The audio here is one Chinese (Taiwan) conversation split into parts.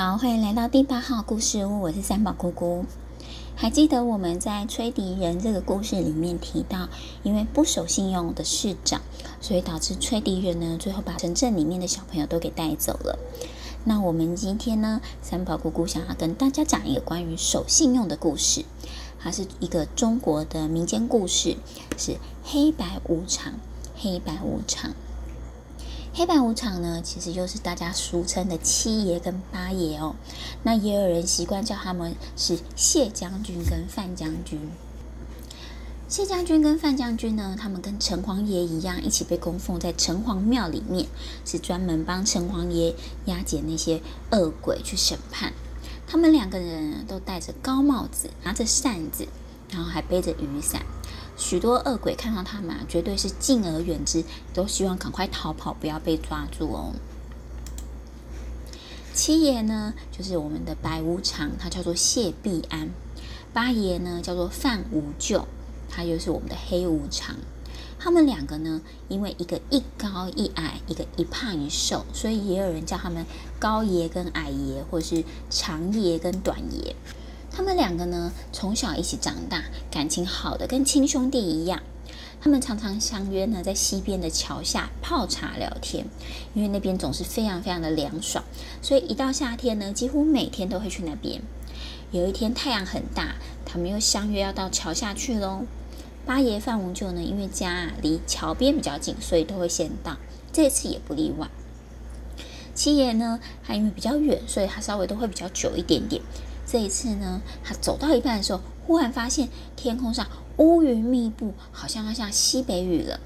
好，歡迎來到第八號故事屋，我是三寶菇菇。還記得我們在吹笛人這個故事裡面提到，因為不守信用的市長，所以導致吹笛人呢，最後把城鎮裡面的小朋友都給帶走了。那我們今天呢，三寶菇菇想要跟大家講一個關於守信用的故事，它是一個中國的民間故事，是黑白無常，黑白無常。黑白無常呢，其實就是大家俗稱的七爺跟八爺哦。那也有人習慣叫他們是謝將軍跟范將軍。謝將軍跟范將軍呢，他們跟城隍爺一樣，一起被供奉在城隍廟裡面，是專門幫城隍爺押解那些惡鬼去審判。他們兩個人都戴着高帽子，拿着扇子。然後還背着雨傘，許多惡鬼看到他們、啊、絕對是敬而遠之，都希望趕快逃跑，不要被抓住哦。七爺呢，就是我們的白無常，他叫做謝必安；八爺呢，叫做范無救，他就是我們的黑無常。他們兩個呢，因為一個一高一矮，一個一胖一瘦，所以也有人叫他們高爺跟矮爺，或者是長爺跟短爺。他們兩個呢，從小一起長大，感情好的跟親兄弟一樣。他們常常相約呢，在溪邊的橋下泡茶聊天，因為那邊總是非常非常的涼爽，所以一到夏天呢，幾乎每天都會去那邊。有一天太陽很大，他們又相約要到橋下去嘍。八爺范無救呢，因為家離橋邊比較近，所以都會先到，這次也不例外。七爺呢，他因為比較遠，所以他稍微都會比較久一點點。這一次呢，他走到一半的時候，忽然發現天空上烏雲密布，好像要下西北雨了。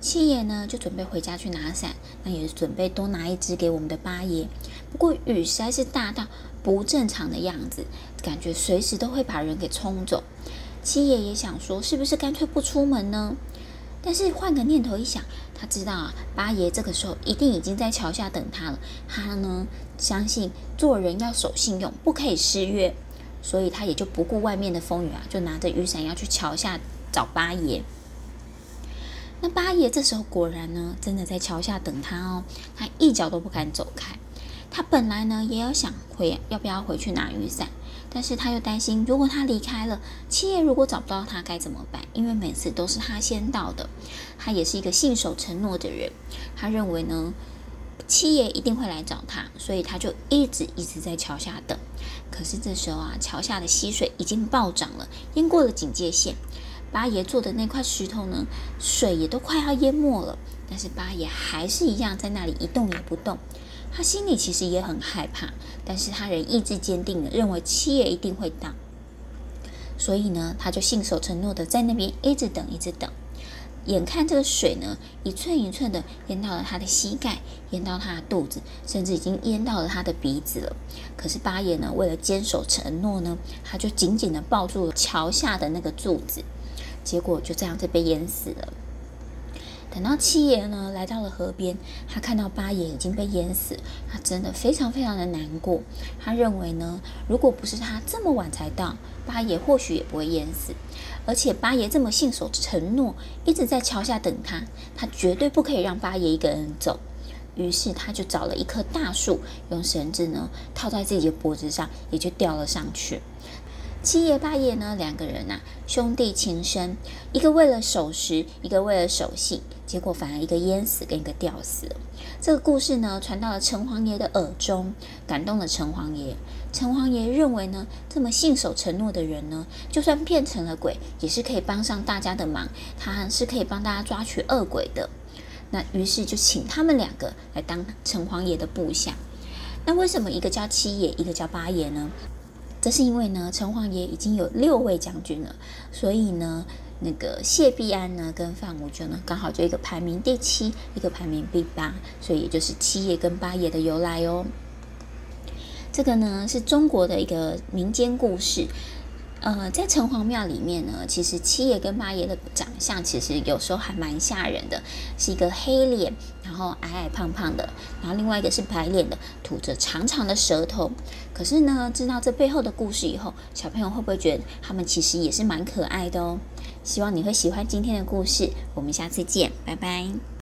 七爺呢，就準備回家去拿傘，那也是準備多拿一支給我們的八爺。不過雨實在是大到不正常的樣子，感覺隨時都會把人給沖走。七爺也想說，是不是乾脆不出門呢？但是換個念頭一想，他知道啊，八爺這個時候一定已經在橋下等他了。他呢，相信做人要守信用，不可以失約，所以他也就不顧外面的風雨啊，就拿着雨傘要去橋下找八爺。那八爺這時候果然呢，真的在橋下等他哦，他一腳都不敢走開。他本來呢，也有想回，要不要回去拿雨傘？但是他又擔心，如果他離開了，七爺如果找不到他該怎麼辦？因為每次都是他先到的，他也是一個信守承諾的人。他認為呢，七爺一定會來找他，所以他就一直一直在橋下等。可是這時候啊，橋下的溪水已經暴漲了，淹過了警戒線。八爺坐的那塊石頭呢，水也都快要淹沒了，但是八爺還是一樣在那裡一動也不動。他心裡其實也很害怕，但是他人意志堅定的認為七爺一定會到，所以呢，他就信守承諾的在那邊一直等，一直等。眼看這個水呢，一寸一寸的淹到了他的膝蓋，淹到他的肚子，甚至已經淹到了他的鼻子了。可是八爺呢，為了堅守承諾呢，他就緊緊的抱住了橋下的那個柱子，結果就這樣子被淹死了。等到七爺呢，來到了河邊，他看到八爺已經被淹死，他真的非常非常的難過。他認為呢，如果不是他這麼晚才到，八爺或許也不會淹死。而且八爺這麼信守承諾，一直在橋下等他，他絕對不可以讓八爺一個人走。於是他就找了一棵大樹，用繩子呢套在自己的脖子上，也就吊了上去。七爺八爺呢兩個人啊，兄弟情深，一個為了守時，一個為了守信。結果反而一個淹死，跟一個吊死了。這個故事呢，傳到了城隍爺的耳中，感動了城隍爺。城隍爺認為呢，這麼信守承諾的人呢，就算變成了鬼，也是可以幫上大家的忙。他是可以幫大家抓取惡鬼的。那於是就請他們兩個來當城隍爺的部下。那為什麼一個叫七爺，一個叫八爺呢？這是因為呢，城隍爺已經有六位將軍了，所以呢，那個謝必安呢跟范無救呢，剛好就一個排名第七，一個排名第八，所以也就是七爺跟八爺的由來哦。這個呢是中國的一個民間故事，呃，在城隍廟裡面呢，其實七爺跟八爺的長相其實有時候還蠻嚇人的，是一個黑臉。然後矮矮胖胖的，然後另外一個是白臉的，吐着長長的舌頭。可是呢，知道這背後的故事以後，小朋友會不會覺得他們其實也是蠻可愛的哦？希望你會喜歡今天的故事，我們下次見，拜拜。